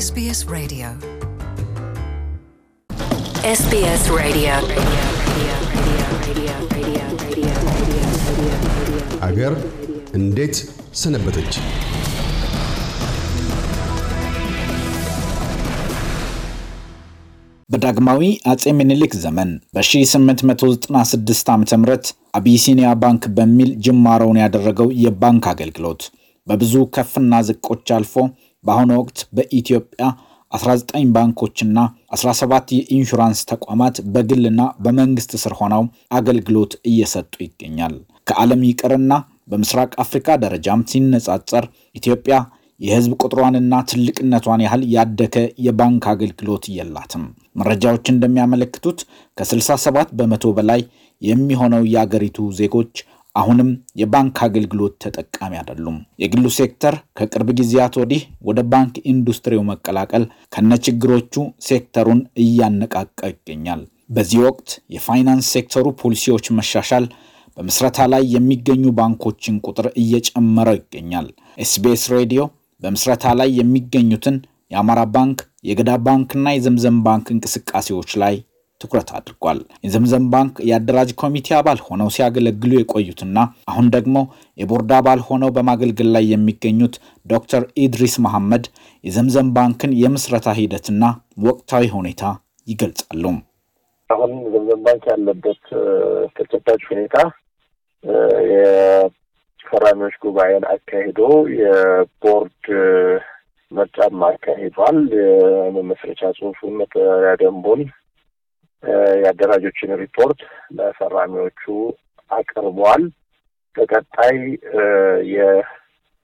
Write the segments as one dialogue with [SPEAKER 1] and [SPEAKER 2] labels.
[SPEAKER 1] SBS Radio
[SPEAKER 2] SBS Radio አገር እንዴት ሰነበተች? በዳግማዊ አጼ ምኒልክ ዘመን በ1896 ዓ ም አቢሲኒያ ባንክ በሚል ጅማሮውን ያደረገው የባንክ አገልግሎት በብዙ ከፍና ዝቆች አልፎ በአሁኑ ወቅት በኢትዮጵያ 19 ባንኮችና 17 የኢንሹራንስ ተቋማት በግልና በመንግስት ስር ሆነው አገልግሎት እየሰጡ ይገኛል። ከዓለም ይቅርና በምስራቅ አፍሪካ ደረጃም ሲነጻጸር ኢትዮጵያ የህዝብ ቁጥሯንና ትልቅነቷን ያህል ያደገ የባንክ አገልግሎት የላትም። መረጃዎች እንደሚያመለክቱት ከ67 በመቶ በላይ የሚሆነው የአገሪቱ ዜጎች አሁንም የባንክ አገልግሎት ተጠቃሚ አይደሉም። የግሉ ሴክተር ከቅርብ ጊዜያት ወዲህ ወደ ባንክ ኢንዱስትሪው መቀላቀል ከነችግሮቹ ሴክተሩን እያነቃቃ ይገኛል። በዚህ ወቅት የፋይናንስ ሴክተሩ ፖሊሲዎች መሻሻል በምስረታ ላይ የሚገኙ ባንኮችን ቁጥር እየጨመረ ይገኛል። ኤስቢኤስ ሬዲዮ በምስረታ ላይ የሚገኙትን የአማራ ባንክ፣ የገዳ ባንክና የዘምዘም ባንክ እንቅስቃሴዎች ላይ ትኩረት አድርጓል። የዘምዘም ባንክ የአደራጅ ኮሚቴ አባል ሆነው ሲያገለግሉ የቆዩትና አሁን ደግሞ የቦርድ አባል ሆነው በማገልገል ላይ የሚገኙት ዶክተር ኢድሪስ መሐመድ የዘምዘም ባንክን የምስረታ ሂደትና ወቅታዊ ሁኔታ ይገልጻሉ።
[SPEAKER 3] አሁን ዘምዘም ባንክ ያለበት ተጨባጭ ሁኔታ የፈራሚዎች ጉባኤን አካሂዶ የቦርድ ምርጫም አካሂዷል። የመመስረቻ ጽሁፉን፣ መጠሪያ ደንቡን የአደራጆችን ሪፖርት ለፈራሚዎቹ አቅርቧል። በቀጣይ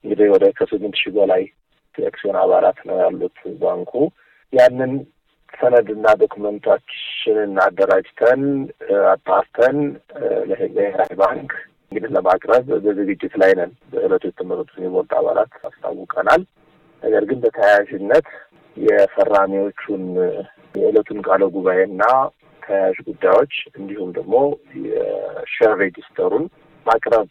[SPEAKER 3] እንግዲህ ወደ ከስምንት ሺህ በላይ የአክሲዮን አባላት ነው ያሉት ባንኩ ያንን ሰነድና ዶክመንታችንን አደራጅተን አጣርተን ለብሔራዊ ባንክ እንግዲህ ለማቅረብ በዝግጅት ላይ ነን። በእለቱ የተመረጡትን የቦርድ አባላት አስታውቀናል። ነገር ግን በተያያዥነት የፈራሚዎቹን የእለቱን ቃለ ጉባኤና ተያያዥ ጉዳዮች እንዲሁም ደግሞ የሼር ሬጅስተሩን ማቅረብ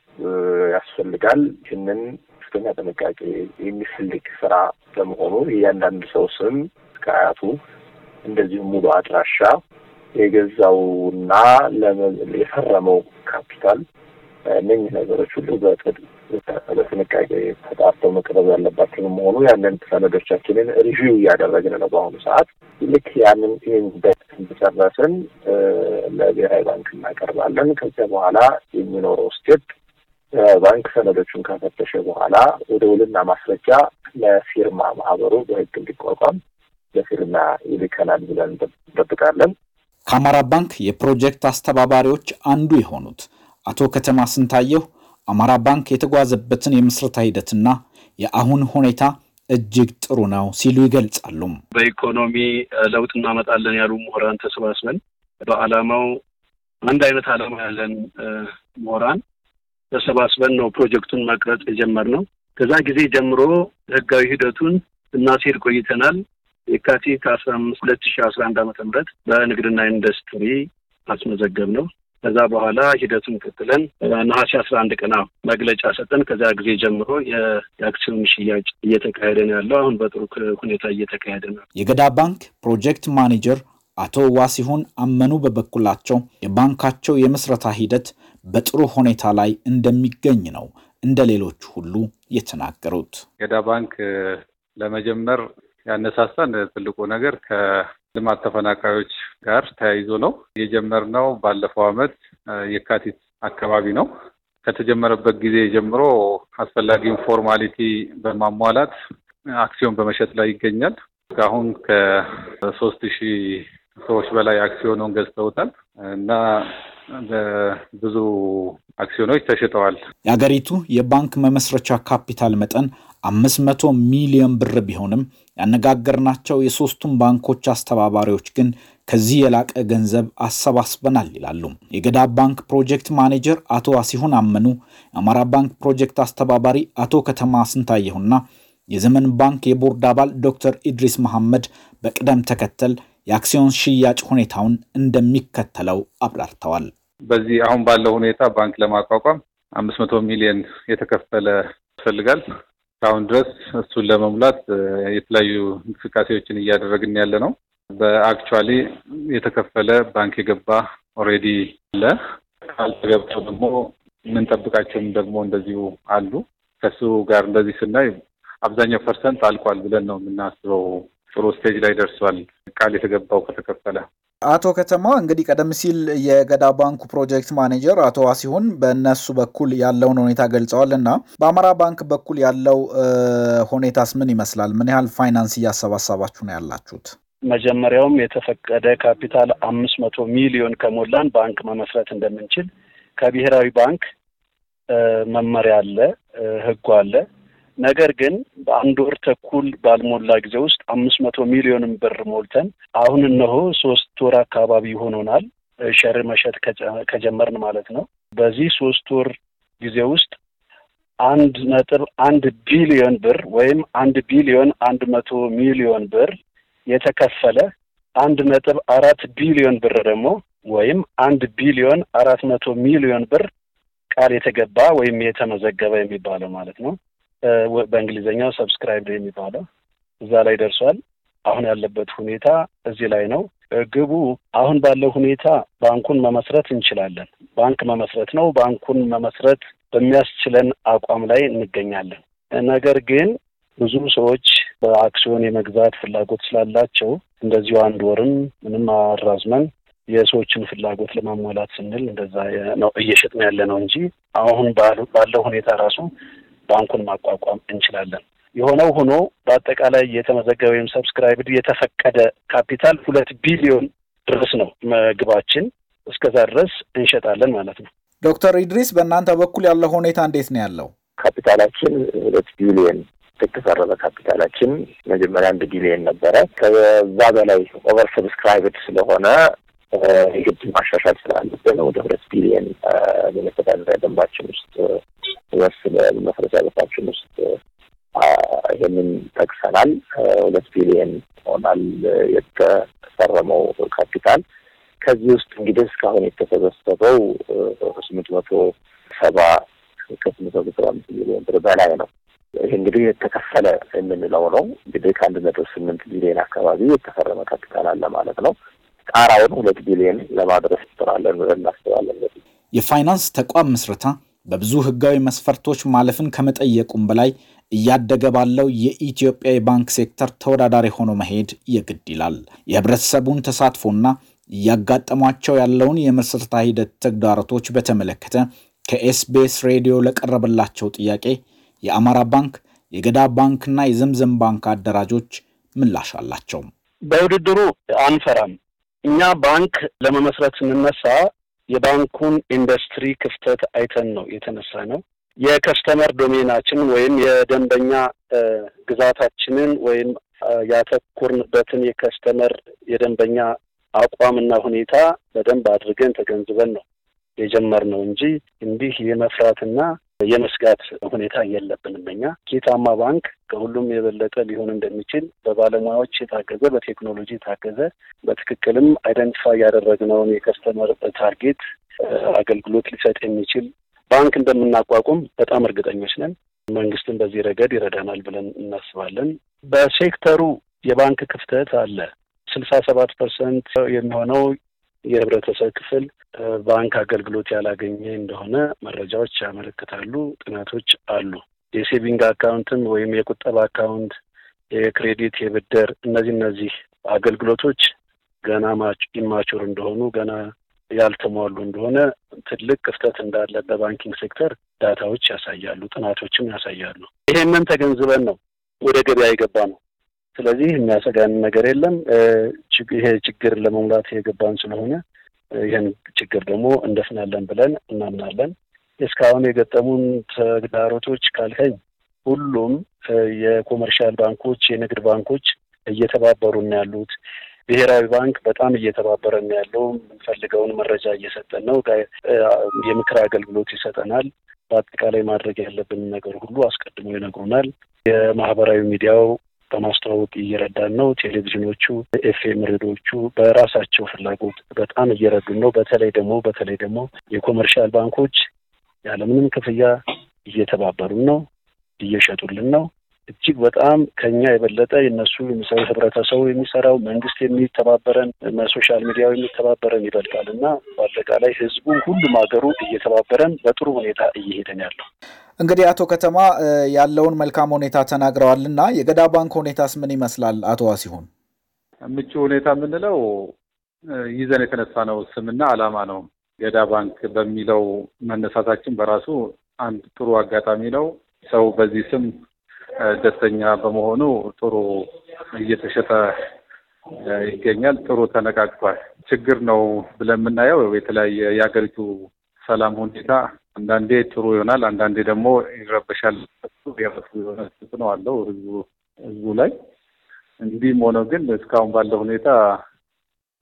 [SPEAKER 3] ያስፈልጋል። ይህንን ከፍተኛ ጥንቃቄ የሚፈልግ ስራ በመሆኑ እያንዳንድ ሰው ስም እስከ አያቱ እንደዚሁም ሙሉ አድራሻ የገዛውና የፈረመው ካፒታል እነኝህ ነገሮች ሁሉ በቅድ የተሻለ ጥንቃቄ ተጣርተው መቅረብ ያለባቸውን መሆኑ ያንን ሰነዶቻችንን ሪቪው እያደረግን ነው። በአሁኑ ሰዓት ልክ ያንን ይህን ደት እንደጨረስን ለብሔራዊ ባንክ እናቀርባለን። ከዚያ በኋላ የሚኖረው ስቴፕ ባንክ ሰነዶቹን ካፈተሸ በኋላ ወደ ውልና ማስረጃ ለፊርማ ማህበሩ በህግ እንዲቋቋም ለፊርማ ይልከናል ብለን እንጠብቃለን። ከአማራ ባንክ
[SPEAKER 2] የፕሮጀክት አስተባባሪዎች አንዱ የሆኑት አቶ ከተማ ስንታየሁ አማራ ባንክ የተጓዘበትን የምስረታ ሂደትና የአሁን ሁኔታ እጅግ ጥሩ ነው ሲሉ ይገልጻሉ።
[SPEAKER 1] በኢኮኖሚ ለውጥ እናመጣለን ያሉ ምሁራን ተሰባስበን በዓላማው አንድ አይነት ዓላማ ያለን ምሁራን ተሰባስበን ነው ፕሮጀክቱን መቅረጽ የጀመርነው። ከዛ ጊዜ ጀምሮ ህጋዊ ሂደቱን እናስሄድ ቆይተናል። የካቲት አስራ አምስት ሁለት ሺ አስራ አንድ ዓመተ ምህረት በንግድና ኢንዱስትሪ አስመዘገብ ነው። ከዛ በኋላ ሂደቱን ቀጥለን ነሐሴ አስራ አንድ ቀና መግለጫ ሰጠን። ከዚያ ጊዜ ጀምሮ የአክሲዮን ሽያጭ እየተካሄደ ነው ያለው። አሁን በጥሩ ሁኔታ እየተካሄደ ነው።
[SPEAKER 2] የገዳ ባንክ ፕሮጀክት ማኔጀር አቶ ዋሲሁን አመኑ በበኩላቸው የባንካቸው የምስረታ ሂደት በጥሩ ሁኔታ ላይ እንደሚገኝ ነው እንደ ሌሎቹ ሁሉ የተናገሩት።
[SPEAKER 4] ገዳ ባንክ ለመጀመር ያነሳሳን ትልቁ ነገር ልማት ተፈናቃዮች ጋር ተያይዞ ነው የጀመርነው። ባለፈው አመት የካቲት አካባቢ ነው። ከተጀመረበት ጊዜ ጀምሮ አስፈላጊውን ፎርማሊቲ በማሟላት አክሲዮን በመሸጥ ላይ ይገኛል። እስካሁን ከሶስት ሺህ ሰዎች በላይ አክሲዮኑን ገዝተውታል እና ብዙ አክሲዮኖች ተሽጠዋል።
[SPEAKER 2] የአገሪቱ የባንክ መመስረቻ ካፒታል መጠን አምስት መቶ ሚሊዮን ብር ቢሆንም ያነጋገርናቸው የሶስቱም ባንኮች አስተባባሪዎች ግን ከዚህ የላቀ ገንዘብ አሰባስበናል ይላሉ። የገዳ ባንክ ፕሮጀክት ማኔጀር አቶ አሲሁን አመኑ፣ የአማራ ባንክ ፕሮጀክት አስተባባሪ አቶ ከተማ ስንታየሁና የዘመን ባንክ የቦርድ አባል ዶክተር ኢድሪስ መሐመድ በቅደም ተከተል የአክሲዮን ሽያጭ ሁኔታውን እንደሚከተለው አብራርተዋል።
[SPEAKER 4] በዚህ አሁን ባለው ሁኔታ ባንክ ለማቋቋም አምስት መቶ ሚሊዮን የተከፈለ ይፈልጋል። እስካሁን ድረስ እሱን ለመሙላት የተለያዩ እንቅስቃሴዎችን እያደረግን ያለ ነው። በአክቹዋሊ የተከፈለ ባንክ የገባ ኦሬዲ አለ። ካልተገባው ደግሞ የምንጠብቃቸውም ደግሞ እንደዚሁ አሉ። ከሱ ጋር እንደዚህ ስናይ አብዛኛው ፐርሰንት አልቋል ብለን ነው የምናስበው። ጥሩ ስቴጅ ላይ ደርሷል ቃል የተገባው ከተከፈለ
[SPEAKER 2] አቶ ከተማ እንግዲህ ቀደም ሲል የገዳ ባንኩ ፕሮጀክት ማኔጀር አቶ ዋሲሁን በእነሱ በኩል ያለውን ሁኔታ ገልጸዋል እና በአማራ ባንክ በኩል ያለው ሁኔታስ ምን ይመስላል? ምን ያህል ፋይናንስ እያሰባሰባችሁ ነው ያላችሁት?
[SPEAKER 1] መጀመሪያውም የተፈቀደ ካፒታል አምስት መቶ ሚሊዮን ከሞላን ባንክ መመስረት እንደምንችል ከብሔራዊ ባንክ መመሪያ አለ፣ ህጉ አለ። ነገር ግን በአንድ ወር ተኩል ባልሞላ ጊዜ ውስጥ አምስት መቶ ሚሊዮንን ብር ሞልተን አሁን እነሆ ሶስት ወር አካባቢ ሆኖናል ሸር መሸጥ ከጀመርን ማለት ነው። በዚህ ሶስት ወር ጊዜ ውስጥ አንድ ነጥብ አንድ ቢሊዮን ብር ወይም አንድ ቢሊዮን አንድ መቶ ሚሊዮን ብር የተከፈለ አንድ ነጥብ አራት ቢሊዮን ብር ደግሞ ወይም አንድ ቢሊዮን አራት መቶ ሚሊዮን ብር ቃል የተገባ ወይም የተመዘገበ የሚባለው ማለት ነው። በእንግሊዝኛው ሰብስክራይብ የሚባለው እዛ ላይ ደርሷል። አሁን ያለበት ሁኔታ እዚህ ላይ ነው። ግቡ አሁን ባለው ሁኔታ ባንኩን መመስረት እንችላለን። ባንክ መመስረት ነው። ባንኩን መመስረት በሚያስችለን አቋም ላይ እንገኛለን። ነገር ግን ብዙ ሰዎች በአክሲዮን የመግዛት ፍላጎት ስላላቸው እንደዚሁ አንድ ወርም ምንም አራዝመን የሰዎችን ፍላጎት ለማሟላት ስንል እንደዛ ነው እየሸጥን ያለ ነው እንጂ አሁን ባለው ሁኔታ ራሱ ባንኩን ማቋቋም እንችላለን። የሆነው ሆኖ በአጠቃላይ የተመዘገበ ወይም ሰብስክራይብድ የተፈቀደ ካፒታል ሁለት ቢሊዮን ድረስ ነው ምግባችን።
[SPEAKER 2] እስከዛ ድረስ እንሸጣለን ማለት ነው። ዶክተር ኢድሪስ በእናንተ በኩል ያለው ሁኔታ እንዴት ነው ያለው?
[SPEAKER 3] ካፒታላችን ሁለት ቢሊዮን የተቀረበ ካፒታላችን መጀመሪያ አንድ ቢሊዮን ነበረ። ከዛ በላይ ኦቨር ሰብስክራይብድ ስለሆነ የግብ ማሻሻል ስላለብን ነው ወደ ሁለት ቢሊየን የመተዳደሪያ ደንባችን ውስጥ ወስ መሰረተ ልባችን ውስጥ ይህንን ጠቅሰናል። ሁለት ቢሊየን ሆናል የተፈረመው ካፒታል። ከዚህ ውስጥ እንግዲህ እስካሁን የተሰበሰበው ስምንት መቶ ሰባ ከስምንት መቶ ሰባ አምስት ሚሊዮን ብር በላይ ነው። ይህ እንግዲህ የተከፈለ የምንለው ነው። እንግዲህ ከአንድ ነጥብ ስምንት ቢሊዮን አካባቢ የተፈረመ ካፒታል አለ ማለት ነው። ጣራውን ሁለት ቢሊዮን ለማድረስ እንጥራለን ብለን እናስባለን።
[SPEAKER 2] የፋይናንስ ተቋም ምስረታ በብዙ ህጋዊ መስፈርቶች ማለፍን ከመጠየቁም በላይ እያደገ ባለው የኢትዮጵያ የባንክ ሴክተር ተወዳዳሪ ሆኖ መሄድ የግድ ይላል። የህብረተሰቡን ተሳትፎና እያጋጠሟቸው ያለውን የምስረታ ሂደት ተግዳሮቶች በተመለከተ ከኤስቢኤስ ሬዲዮ ለቀረበላቸው ጥያቄ የአማራ ባንክ፣ የገዳ ባንክና የዘምዘም ባንክ አደራጆች ምላሽ አላቸው።
[SPEAKER 1] በውድድሩ አንፈራም። እኛ ባንክ ለመመስረት ስንነሳ የባንኩን ኢንዱስትሪ ክፍተት አይተን ነው የተነሳ ነው። የከስተመር ዶሜናችን ወይም የደንበኛ ግዛታችንን ወይም ያተኮርንበትን የከስተመር የደንበኛ አቋምና ሁኔታ በደንብ አድርገን ተገንዝበን ነው የጀመርነው እንጂ እንዲህ የመፍራትና የመስጋት ሁኔታ የለብንም። እኛ ጌታማ ባንክ ከሁሉም የበለጠ ሊሆን እንደሚችል በባለሙያዎች የታገዘ በቴክኖሎጂ የታገዘ በትክክልም አይደንቲፋይ ያደረግነውን የከስተመር ታርጌት አገልግሎት ሊሰጥ የሚችል ባንክ እንደምናቋቁም በጣም እርግጠኞች ነን። መንግስትም በዚህ ረገድ ይረዳናል ብለን እናስባለን። በሴክተሩ የባንክ ክፍተት አለ። ስልሳ ሰባት ፐርሰንት የሚሆነው የህብረተሰብ ክፍል ባንክ አገልግሎት ያላገኘ እንደሆነ መረጃዎች ያመለክታሉ፣ ጥናቶች አሉ። የሴቪንግ አካውንትም ወይም የቁጠባ አካውንት፣ የክሬዲት፣ የብድር እነዚህ እነዚህ አገልግሎቶች ገና ኢማቹር እንደሆኑ ገና ያልተሟሉ እንደሆነ ትልቅ ክፍተት እንዳለ በባንኪንግ ሴክተር ዳታዎች ያሳያሉ፣ ጥናቶችም ያሳያሉ። ይሄንን ተገንዝበን ነው ወደ ገበያ የገባ ነው። ስለዚህ የሚያሰጋን ነገር የለም። ይሄ ችግር ለመሙላት የገባን ስለሆነ ይህን ችግር ደግሞ እንደፍናለን ብለን እናምናለን። እስካሁን የገጠሙን ተግዳሮቶች ካልከኝ ሁሉም የኮመርሻል ባንኮች፣ የንግድ ባንኮች እየተባበሩን ያሉት ብሔራዊ ባንክ በጣም እየተባበረን ያለው የምንፈልገውን መረጃ እየሰጠን ነው። የምክር አገልግሎት ይሰጠናል። በአጠቃላይ ማድረግ ያለብን ነገር ሁሉ አስቀድሞ ይነግሩናል። የማህበራዊ ሚዲያው በማስተዋወቅ እየረዳን ነው። ቴሌቪዥኖቹ፣ ኤፍኤም ሬዲዮቹ በራሳቸው ፍላጎት በጣም እየረዱን ነው። በተለይ ደግሞ በተለይ ደግሞ የኮመርሻል ባንኮች ያለምንም ክፍያ እየተባበሩን ነው፣ እየሸጡልን ነው። እጅግ በጣም ከኛ የበለጠ የነሱ የሚሰሩ ህብረተሰቡ የሚሰራው መንግስት የሚተባበረን ሶሻል ሚዲያው የሚተባበረን ይበልጣል እና በአጠቃላይ ህዝቡ ሁሉም ሀገሩ እየተባበረን በጥሩ ሁኔታ እየሄደን ያለው
[SPEAKER 2] እንግዲህ አቶ ከተማ ያለውን መልካም ሁኔታ ተናግረዋል እና የገዳ ባንክ ሁኔታስ ምን ይመስላል? አቶ ሲሆን
[SPEAKER 4] ምቹ ሁኔታ የምንለው ይዘን የተነሳ ነው ስምና ዓላማ ነው። ገዳ ባንክ በሚለው መነሳታችን በራሱ አንድ ጥሩ አጋጣሚ ነው። ሰው በዚህ ስም ደስተኛ በመሆኑ ጥሩ እየተሸጠ ይገኛል። ጥሩ ተነቃቅቷል። ችግር ነው ብለን የምናየው የተለያየ የሀገሪቱ ሰላም ሁኔታ አንዳንዴ ጥሩ ይሆናል፣ አንዳንዴ ደግሞ ይረበሻል። የራሱ የሆነ ተጽዕኖ አለው ህዝቡ ህዝቡ ላይ። እንዲህም ሆነ ግን እስካሁን ባለው ሁኔታ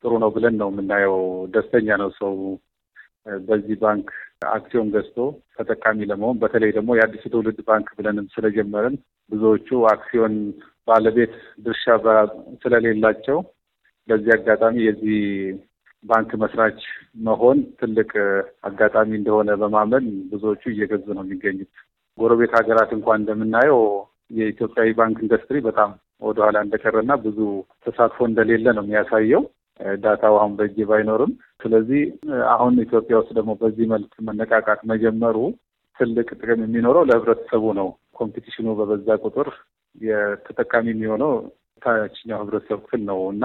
[SPEAKER 4] ጥሩ ነው ብለን ነው የምናየው። ደስተኛ ነው ሰው በዚህ ባንክ አክሲዮን ገዝቶ ተጠቃሚ ለመሆን በተለይ ደግሞ የአዲሱ ትውልድ ባንክ ብለንም ስለጀመርን ብዙዎቹ አክሲዮን ባለቤት ድርሻ ስለሌላቸው በዚህ አጋጣሚ የዚህ ባንክ መስራች መሆን ትልቅ አጋጣሚ እንደሆነ በማመን ብዙዎቹ እየገዙ ነው የሚገኙት። ጎረቤት ሀገራት እንኳን እንደምናየው የኢትዮጵያዊ ባንክ ኢንዱስትሪ በጣም ወደኋላ እንደቀረና ብዙ ተሳትፎ እንደሌለ ነው የሚያሳየው። ዳታው አሁን በእጅ ባይኖርም፣ ስለዚህ አሁን ኢትዮጵያ ውስጥ ደግሞ በዚህ መልክ መነቃቃት መጀመሩ ትልቅ ጥቅም የሚኖረው ለህብረተሰቡ ነው። ኮምፒቲሽኑ በበዛ ቁጥር የተጠቃሚ የሚሆነው ታችኛው ህብረተሰብ ክፍል ነው እና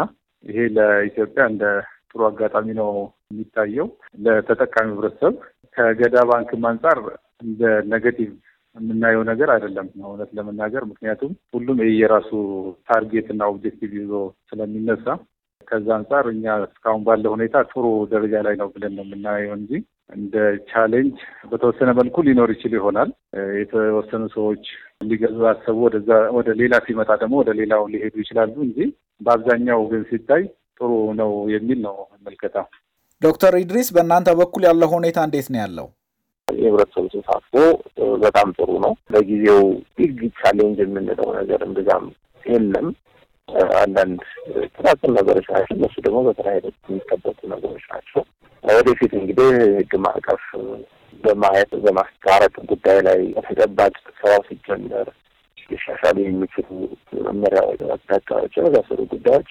[SPEAKER 4] ይሄ ለኢትዮጵያ እንደ ጥሩ አጋጣሚ ነው የሚታየው ለተጠቃሚ ህብረተሰብ። ከገዳ ባንክም አንጻር እንደ ኔጌቲቭ የምናየው ነገር አይደለም እውነት ለመናገር ምክንያቱም ሁሉም የራሱ ታርጌት እና ኦብጀክቲቭ ይዞ ስለሚነሳ ከዛ አንጻር እኛ እስካሁን ባለ ሁኔታ ጥሩ ደረጃ ላይ ነው ብለን ነው የምናየው እንጂ እንደ ቻሌንጅ በተወሰነ መልኩ ሊኖር ይችል ይሆናል። የተወሰኑ ሰዎች ሊገዙ ያሰቡ ወደ ሌላ ሲመጣ ደግሞ ወደ ሌላው ሊሄዱ ይችላሉ እንጂ በአብዛኛው ግን ሲታይ ጥሩ ነው የሚል ነው መልከታ። ዶክተር
[SPEAKER 2] ኢድሪስ በእናንተ በኩል ያለው ሁኔታ እንዴት ነው ያለው?
[SPEAKER 3] የህብረተሰቡ ተሳትፎ በጣም ጥሩ ነው። ለጊዜው ቢግ ቻሌንጅ የምንለው ነገር እምብዛም የለም። አንዳንድ ጥቃቅን ነገሮች ናቸው። እነሱ ደግሞ በተራ በተለይ የሚጠበቁ ነገሮች ናቸው። ወደፊት እንግዲህ ህግ ማዕቀፍ በማየት በማስታረቅ ጉዳይ ላይ ተጨባጭ ስራው ሲጀመር ሊሻሻሉ የሚችሉ መመሪያዎች፣ አቅጣጫዎች የመሳሰሉ ጉዳዮች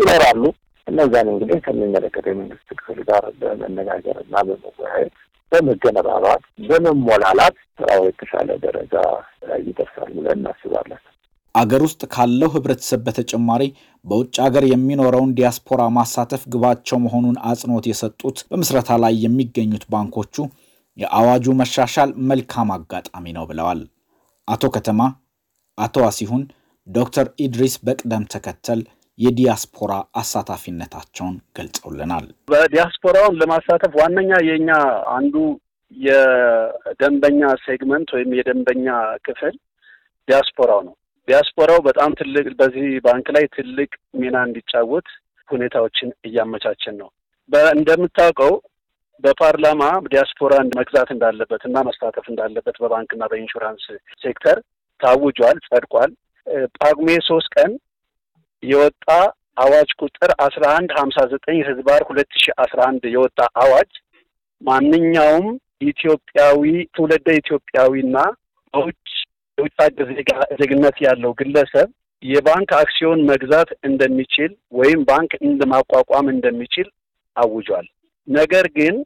[SPEAKER 3] ይኖራሉ። እነዛን እንግዲህ ከሚመለከተው የመንግስት ክፍል ጋር በመነጋገር እና በመወያየት በመገነባባት በመሞላላት ስራው የተሻለ ደረጃ ይደርሳል ብለን እናስባለን።
[SPEAKER 2] አገር ውስጥ ካለው ህብረተሰብ በተጨማሪ በውጭ ሀገር የሚኖረውን ዲያስፖራ ማሳተፍ ግባቸው መሆኑን አጽንኦት የሰጡት በምስረታ ላይ የሚገኙት ባንኮቹ የአዋጁ መሻሻል መልካም አጋጣሚ ነው ብለዋል። አቶ ከተማ አቶ ዋሲሁን ዶክተር ኢድሪስ በቅደም ተከተል የዲያስፖራ አሳታፊነታቸውን ገልጸውልናል።
[SPEAKER 1] በዲያስፖራውን ለማሳተፍ ዋነኛ የኛ አንዱ የደንበኛ ሴግመንት ወይም የደንበኛ ክፍል ዲያስፖራው ነው። ዲያስፖራው በጣም ትልቅ በዚህ ባንክ ላይ ትልቅ ሚና እንዲጫወት ሁኔታዎችን እያመቻችን ነው። እንደምታውቀው በፓርላማ ዲያስፖራ መግዛት እንዳለበት እና መሳተፍ እንዳለበት በባንክና በኢንሹራንስ ሴክተር ታውጇል፣ ጸድቋል። ጳጉሜ ሶስት ቀን የወጣ አዋጅ ቁጥር አስራ አንድ ሀምሳ ዘጠኝ ህዝባር ሁለት ሺ አስራ አንድ የወጣ አዋጅ ማንኛውም ኢትዮጵያዊ ትውልደ ኢትዮጵያዊና በውጭ የውጭ ሀገር ዜግነት ያለው ግለሰብ የባንክ አክሲዮን መግዛት እንደሚችል ወይም ባንክ እንደማቋቋም እንደሚችል አውጇል። ነገር ግን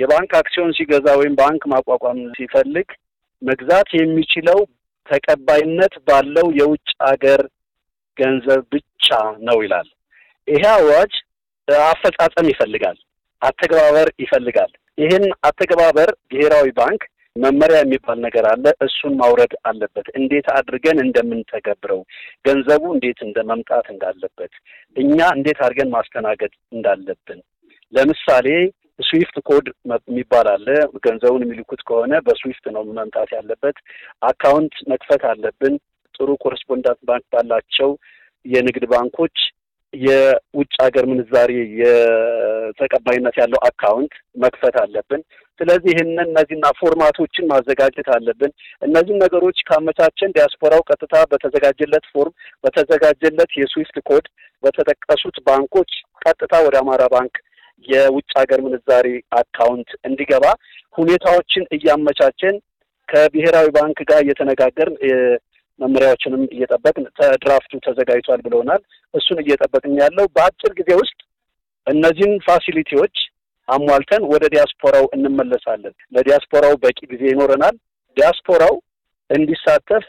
[SPEAKER 1] የባንክ አክሲዮን ሲገዛ ወይም ባንክ ማቋቋም ሲፈልግ መግዛት የሚችለው ተቀባይነት ባለው የውጭ ሀገር ገንዘብ ብቻ ነው ይላል። ይሄ አዋጅ አፈጻጸም ይፈልጋል፣ አተገባበር ይፈልጋል። ይህን አተገባበር ብሔራዊ ባንክ መመሪያ የሚባል ነገር አለ። እሱን ማውረድ አለበት። እንዴት አድርገን እንደምንተገብረው፣ ገንዘቡ እንዴት እንደ መምጣት እንዳለበት፣ እኛ እንዴት አድርገን ማስተናገድ እንዳለብን። ለምሳሌ ስዊፍት ኮድ የሚባል አለ። ገንዘቡን የሚልኩት ከሆነ በስዊፍት ነው መምጣት ያለበት። አካውንት መክፈት አለብን። ጥሩ ኮረስፖንዳንት ባንክ ባላቸው የንግድ ባንኮች የውጭ ሀገር ምንዛሬ የተቀባይነት ያለው አካውንት መክፈት አለብን። ስለዚህ ይህንን እነዚህና ፎርማቶችን ማዘጋጀት አለብን። እነዚህን ነገሮች ካመቻቸን ዲያስፖራው ቀጥታ በተዘጋጀለት ፎርም፣ በተዘጋጀለት የስዊፍት ኮድ በተጠቀሱት ባንኮች ቀጥታ ወደ አማራ ባንክ የውጭ ሀገር ምንዛሬ አካውንት እንዲገባ ሁኔታዎችን እያመቻቸን ከብሔራዊ ባንክ ጋር እየተነጋገርን መመሪያዎችንም እየጠበቅን ድራፍቱ ተዘጋጅቷል ብለውናል። እሱን እየጠበቅን ያለው በአጭር ጊዜ ውስጥ እነዚህን ፋሲሊቲዎች አሟልተን ወደ ዲያስፖራው እንመለሳለን። ለዲያስፖራው በቂ ጊዜ ይኖረናል። ዲያስፖራው እንዲሳተፍ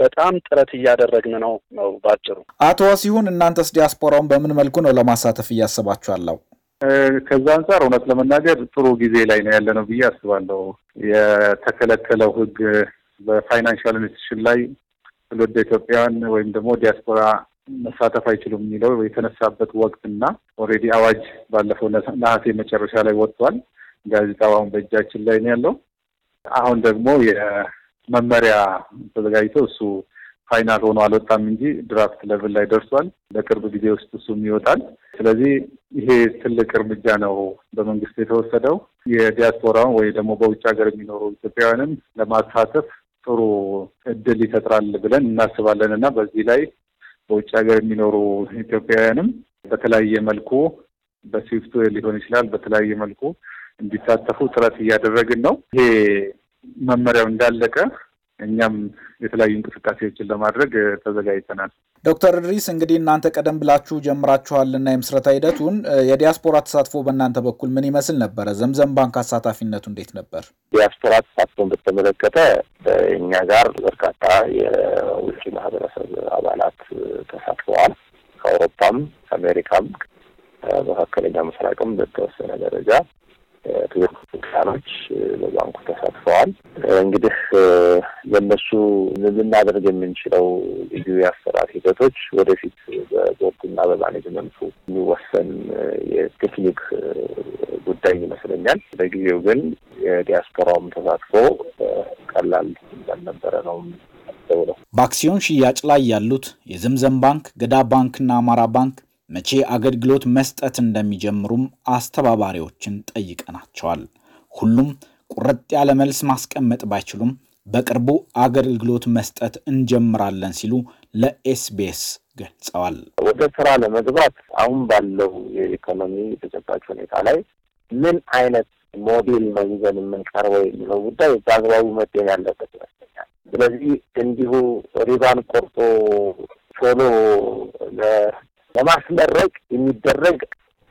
[SPEAKER 1] በጣም ጥረት እያደረግን ነው ነው ባጭሩ።
[SPEAKER 2] አቶ ሲሆን እናንተስ ዲያስፖራውን በምን መልኩ ነው ለማሳተፍ እያሰባችኋለሁ?
[SPEAKER 4] ከዛ አንጻር እውነት ለመናገር ጥሩ ጊዜ ላይ ነው ያለነው ብዬ አስባለሁ። የተከለከለው ህግ በፋይናንሻል ኢንስቲትዩሽን ላይ ትውልደ ኢትዮጵያውያን ወይም ደግሞ ዲያስፖራ መሳተፍ አይችሉም የሚለው የተነሳበት ወቅትና ኦልሬዲ አዋጅ ባለፈው ነሐሴ መጨረሻ ላይ ወጥቷል። ጋዜጣው አሁን በእጃችን ላይ ነው ያለው። አሁን ደግሞ የመመሪያ ተዘጋጅቶ እሱ ፋይናል ሆኖ አልወጣም እንጂ ድራፍት ሌቭል ላይ ደርሷል። በቅርብ ጊዜ ውስጥ እሱም ይወጣል። ስለዚህ ይሄ ትልቅ እርምጃ ነው በመንግስት የተወሰደው የዲያስፖራውን ወይ ደግሞ በውጭ ሀገር የሚኖሩ ኢትዮጵያውያንን ለማሳተፍ ጥሩ እድል ይፈጥራል ብለን እናስባለን እና በዚህ ላይ በውጭ ሀገር የሚኖሩ ኢትዮጵያውያንም በተለያየ መልኩ በሲፍቱ ሊሆን ይችላል፣ በተለያየ መልኩ እንዲሳተፉ ጥረት እያደረግን ነው። ይሄ መመሪያው እንዳለቀ እኛም የተለያዩ እንቅስቃሴዎችን ለማድረግ ተዘጋጅተናል። ዶክተር እድሪስ እንግዲህ
[SPEAKER 2] እናንተ ቀደም ብላችሁ ጀምራችኋልና የምስረታ ሂደቱን የዲያስፖራ ተሳትፎ በእናንተ በኩል ምን ይመስል ነበረ? ዘምዘም ባንክ አሳታፊነቱ እንዴት ነበር?
[SPEAKER 3] ዲያስፖራ ተሳትፎን በተመለከተ እኛ ጋር በርካታ የውጭ ማህበረሰብ አባላት ተሳትፈዋል። ከአውሮፓም፣ ከአሜሪካም፣ መካከለኛ ምስራቅም በተወሰነ ደረጃ ትምህርት ህጻኖች በባንኩ ተሳትፈዋል። እንግዲህ ለነሱ ልናደርግ የምንችለው ልዩ የአሰራር ሂደቶች ወደፊት በቦርድና በማኔጅመንቱ የሚወሰን የቴክኒክ ጉዳይ ይመስለኛል። በጊዜው ግን የዲያስፖራውም ተሳትፎ ቀላል እንዳልነበረ ነው።
[SPEAKER 2] በአክሲዮን ሽያጭ ላይ ያሉት የዘምዘም ባንክ፣ ገዳ ባንክና አማራ ባንክ መቼ አገልግሎት መስጠት እንደሚጀምሩም አስተባባሪዎችን ጠይቀናቸዋል። ሁሉም ቁርጥ ያለ መልስ ማስቀመጥ ባይችሉም በቅርቡ አገልግሎት መስጠት እንጀምራለን ሲሉ ለኤስቢኤስ ገልጸዋል።
[SPEAKER 3] ወደ ስራ ለመግባት አሁን ባለው የኢኮኖሚ ተጨባጭ ሁኔታ ላይ ምን አይነት ሞዴል ነው ይዘን የምንቀርበው የሚለው ጉዳይ በአግባቡ መጤን ያለበት ይመስለኛል። ስለዚህ እንዲሁ ሪባን ቆርጦ ቶሎ ለማስመረቅ የሚደረግ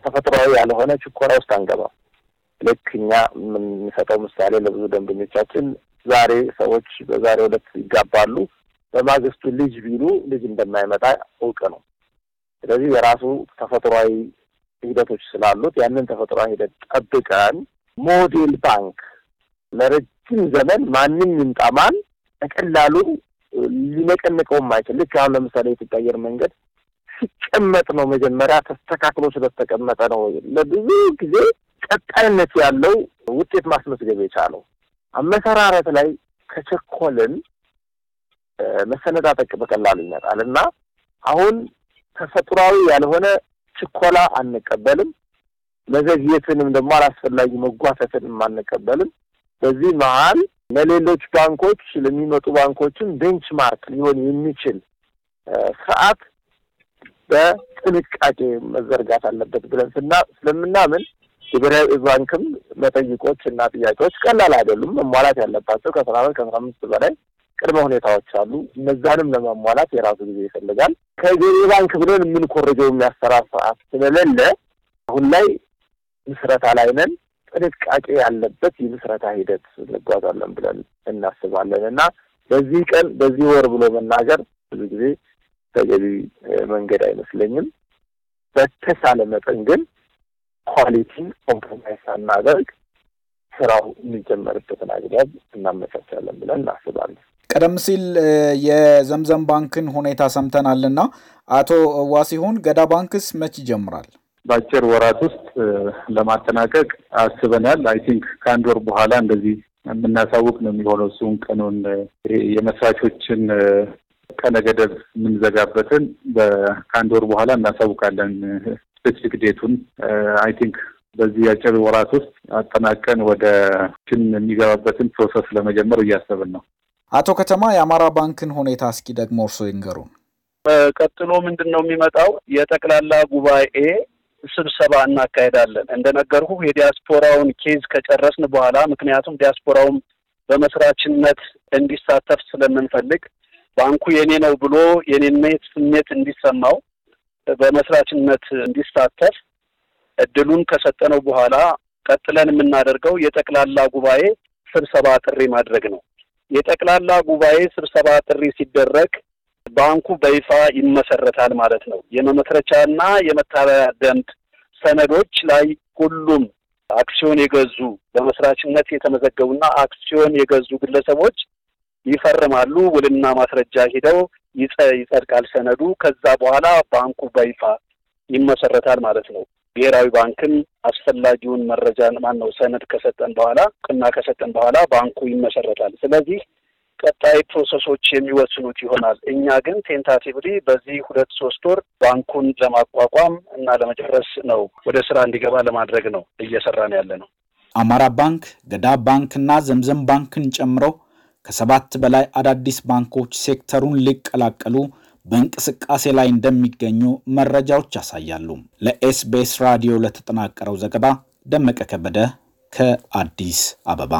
[SPEAKER 3] ተፈጥሯዊ ያልሆነ ችኮራ ውስጥ አንገባም። ልክ እኛ የምንሰጠው ምሳሌ ለብዙ ደንበኞቻችን ዛሬ ሰዎች በዛሬ ዕለት ይጋባሉ፣ በማግስቱ ልጅ ቢሉ ልጅ እንደማይመጣ እውቅ ነው። ስለዚህ የራሱ ተፈጥሯዊ ሂደቶች ስላሉት ያንን ተፈጥሯዊ ሂደት ጠብቀን ሞዴል ባንክ ለረጅም ዘመን ማንም ይምጣ ማን በቀላሉ ሊነቀንቀው የማይችል ልክ አሁን ለምሳሌ የኢትዮጵያ አየር መንገድ ሲቀመጥ ነው መጀመሪያ ተስተካክሎ ስለተቀመጠ ነው ለብዙ ጊዜ ቀጣይነት ያለው ውጤት ማስመዝገብ የቻለው። አመሰራረት ላይ ከቸኮልን መሰነጣጠቅ በቀላሉ ይመጣል እና አሁን ተፈጥሯዊ ያልሆነ ችኮላ አንቀበልም። መዘግየትንም ደግሞ አላስፈላጊ መጓተትንም አንቀበልም። በዚህ መሀል ለሌሎች ባንኮች ለሚመጡ ባንኮችም ቤንችማርክ ሊሆን የሚችል ስርዓት በጥንቃቄ መዘርጋት አለበት ብለን ስና ስለምናምን የብሔራዊ ባንክም መጠይቆች እና ጥያቄዎች ቀላል አይደሉም። መሟላት ያለባቸው ከአስራ አራት ከአስራ አምስት በላይ ቅድመ ሁኔታዎች አሉ። እነዛንም ለመሟላት የራሱ ጊዜ ይፈልጋል። ከብሔራዊ ባንክ ብለን የምንኮረጀው የሚያሰራ ስርዓት ስለሌለ አሁን ላይ ምስረታ ላይ ነን። ጥንቃቄ ያለበት የምስረታ ሂደት እንጓዛለን ብለን እናስባለን እና በዚህ ቀን በዚህ ወር ብሎ መናገር ብዙ ጊዜ ተገቢ መንገድ አይመስለኝም። በተሳለ መጠን ግን ኳሊቲን ኮምፕሮማይዝ ሳናደርግ ስራው የሚጀመርበትን አግባብ እናመቻቻለን ብለን እናስባለን።
[SPEAKER 2] ቀደም ሲል የዘምዘም ባንክን ሁኔታ ሰምተናል እና አቶ ዋሲሁን ገዳ ባንክስ መች ይጀምራል?
[SPEAKER 4] በአጭር ወራት ውስጥ ለማጠናቀቅ አስበናል። አይ ቲንክ ከአንድ ወር በኋላ እንደዚህ የምናሳውቅ ነው የሚሆነው። እሱን ቀኑን የመስራቾችን ቀነ ገደብ የምንዘጋበትን ከአንድ ወር በኋላ እናሳውቃለን። ስፔሲፊክ ዴቱን አይ ቲንክ በዚህ አጭር ወራት ውስጥ አጠናቀን ወደ ችን የሚገባበትን ፕሮሰስ ለመጀመር እያሰብን ነው።
[SPEAKER 2] አቶ ከተማ የአማራ ባንክን ሁኔታ እስኪ ደግሞ እርሶ ይንገሩን።
[SPEAKER 1] ቀጥሎ ምንድን ነው የሚመጣው? የጠቅላላ ጉባኤ ስብሰባ እናካሄዳለን። እንደነገርኩ የዲያስፖራውን ኬዝ ከጨረስን በኋላ ምክንያቱም ዲያስፖራውም በመስራችነት እንዲሳተፍ ስለምንፈልግ ባንኩ የኔ ነው ብሎ የኔነት ስሜት እንዲሰማው በመስራችነት እንዲሳተፍ እድሉን ከሰጠነው በኋላ ቀጥለን የምናደርገው የጠቅላላ ጉባኤ ስብሰባ ጥሪ ማድረግ ነው። የጠቅላላ ጉባኤ ስብሰባ ጥሪ ሲደረግ ባንኩ በይፋ ይመሰረታል ማለት ነው። የመመስረቻና የመታበያ ደንብ ሰነዶች ላይ ሁሉም አክሲዮን የገዙ በመስራችነት የተመዘገቡና አክሲዮን የገዙ ግለሰቦች ይፈርማሉ። ውልና ማስረጃ ሂደው ይጸድቃል ሰነዱ። ከዛ በኋላ ባንኩ በይፋ ይመሰረታል ማለት ነው። ብሔራዊ ባንክም አስፈላጊውን መረጃ ማን ነው ሰነድ ከሰጠን በኋላ ቅና ከሰጠን በኋላ ባንኩ ይመሰረታል። ስለዚህ ቀጣይ ፕሮሰሶች የሚወስኑት ይሆናል። እኛ ግን ቴንታቲቭሊ በዚህ ሁለት ሶስት ወር ባንኩን ለማቋቋም እና ለመጨረስ ነው፣ ወደ ስራ እንዲገባ ለማድረግ ነው እየሰራን ያለ ነው።
[SPEAKER 2] አማራ ባንክ፣ ገዳ ባንክ እና ዘምዘም ባንክን ጨምሮ ከሰባት በላይ አዳዲስ ባንኮች ሴክተሩን ሊቀላቀሉ በእንቅስቃሴ ላይ እንደሚገኙ መረጃዎች ያሳያሉ። ለኤስቢኤስ ራዲዮ ለተጠናቀረው ዘገባ ደመቀ ከበደ ከአዲስ አበባ።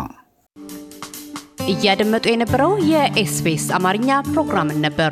[SPEAKER 1] እያደመጡ የነበረው የኤስቢኤስ አማርኛ ፕሮግራምን ነበር።